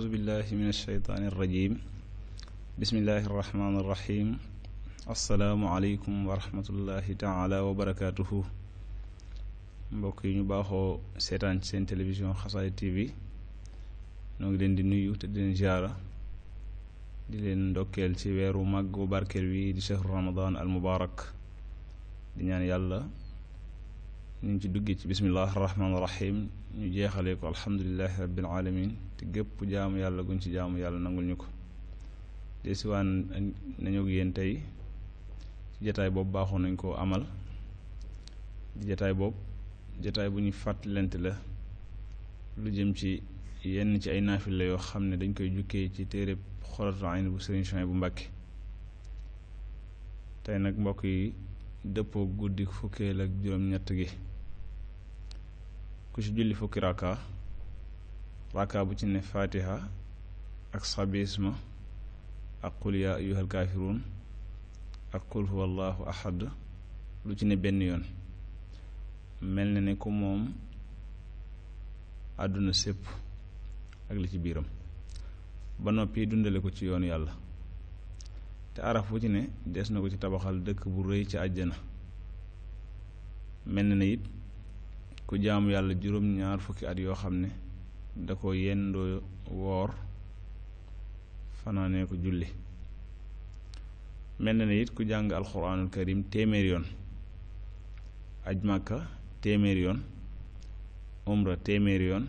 أعوذ بالله من الشيطان الرجيم بسم الله الرحمن الرحيم السلام عليكم ورحمة الله تعالى وبركاته mbokk yi ñu baaxoo seetaan ci seen télévision Xasaayid TV ñoo ngi leen di nuyu te di leen ziara di leen ndokkeel ci weeru mag bu barkeel wi di shahru ramadan al mubarak di ñaan yàlla ñu ngi ci duggee ci bismillahi rahmaani ñu jeexalee ko alhamdulilahi rabbil alamin te gépp jaamu yàlla guñ ci jaamu yàlla nangul ñu ko desiwaan nañu yéen tey ci jataay boobu baaxoon nañ koo amal jataay boobu jataay bu ñu fàttalante la lu jëm ci yenn ci ay naafil la yoo xam ne dañ koy jukkee ci téere Xuratul Ayni bu Sëriñ Suhaybu bu Mbàkke tey nag mbokk yi dëppoo guddi fukkeel ak juróom-ñett gi ku ci julli fukki rakka raka bu ci ne fatiha ak sabisma ak qul yaa ayyuhal kaafiruun ak qul huwallahu ahad lu ci ne benn yoon mel na ne ku moom àdduna sépp ak li ci biiram ba noppi dundale ko ci yoon yàlla te araf bu ci ne des na ko ci tabaxal dëkk bu rëy ci àjjana mel na ne ku jaamu yàlla juróom-ñaar fukki at yoo xam ne da ko yendoo woor fanaanee ko julli mel na ne it ku jàng alxuraanul karim téeméer yoon aj màkka téeméer yoon umra téeméer yoon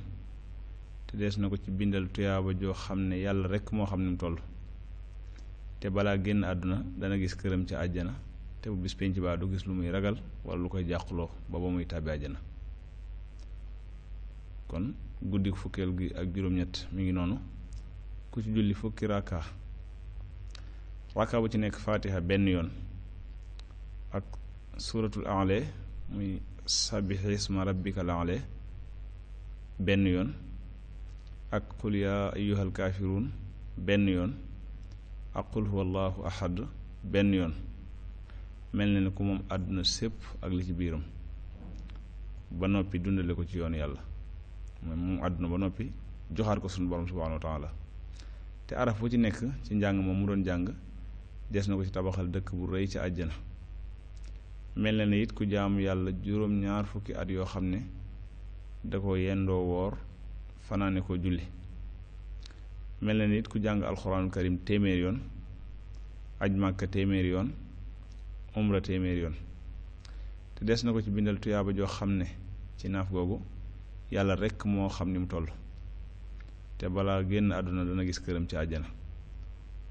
te des na ko ci bindal tuyaaba joo xam ne yàlla rekk moo xam ne mu toll te balaa génn àdduna dana gis këram ca àjjana te bu bis penc baa du gis lu muy ragal wala lu koy jàquloo ba ba muy tàbbi àjjana kon guddi fukkeel gi ak juróom-ñett mi ngi noonu ku ci julli fukki raaka raaka bu ci nekk faatiha benn yoon ak suuratul aale muy sabbixi isma rabbikal aale benn yoon ak qul yaa ayyuhal kaafiruun benn yoon ak qul huwallaahu ahad benn yoon mel na ne ku moom àdduna sépp ak li ci biiram ba noppi dundale ko ci yoon yàlla mooy moom àdduna ba noppi joxaat ko suñu borom subhaanahu wa taala te araf bu ci nekk ci njàng moom mu doon jàng des na ko ci tabaxal dëkk bu rëy ci àjjana mel na ne it ku jaamu yàlla juróom-ñaar fukki at yoo xam ne da ko yendoo woor fanaane ko julli mel na ni it ku jàng alxuraanu karim téeméer yoon aj màkka téeméer yoon umra téeméer yoon te des na ko ci bindal tuyaaba joo xam ne ci naaf googu yàlla rekk moo xam ni mu toll te balaa génn àdduna dana gis këram ci àjjana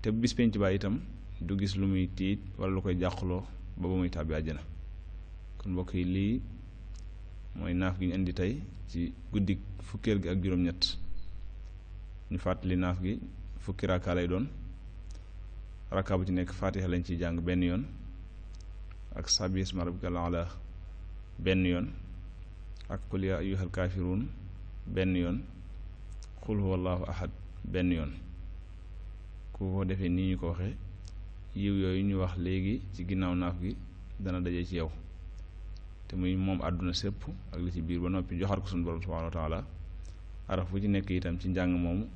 te bis penc ba itam du gis lu muy tiit wala lu koy jàqloo ba ba muy tàbbi àjjana kon mbokk yi lii mooy naaf gi ñu indi tey ci guddi fukkeel gi ak juróom-ñett ñu fàttali naaf gi fukki rakka lay doon rakka bu ci nekk faatiha lañ ciy jàng benn yoon ak sabbi isma rabbikal a'la benn yoon ak qul yaa ayyuhal kaafiruun benn yoon qul huwallaahu ahad benn yoon ku ko defee nii ñu ko waxe yiw yooyu ñu wax léegi ci ginnaaw naaf gi dana daje ci yow te muy moom àdduna sépp ak li ci biir ba noppi joxaat ko suñu borom subhaanahu wa taala araf ci nekk itam ci njàng moomu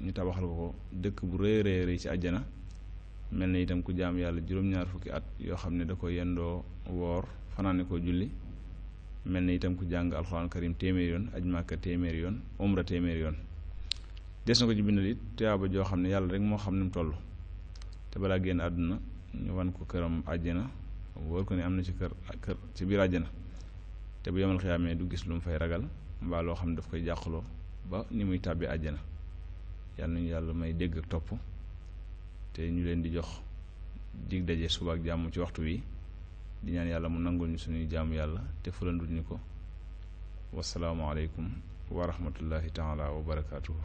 ñu tabaxal ko dëkk bu rëy rëy rëy ci àjjana mel na itam ku jaam yàlla juróom-ñaar fukki at yoo xam ne da ko yendoo woor fanaane koo julli mel ni itam ku jàng alxuraan karim téeméer yoon aj màkka téeméeri yoon umra téeméeri yoon des na ko ci joo xam ne yàlla rek moo xam ne mu te balaa génn àdduna ko këram àjjana wóor am na ci kër kër ci biir àjjana te bu yomal xiyaamee du gis lu mu fay ragal mbaa xam ne daf koy jàqaloo ba ni muy tàbbi àjjana yàlla nañu yàlla may dégg ak topp te ñu leen di jox dig daje suba ak jàmm ci waxtu wi di ñaan yàlla mu nangul ñu suñuy jaamu yàlla te fulandul ñu ko wasalaamualeykum wa rahmatullahi taala wa barakaatuhu.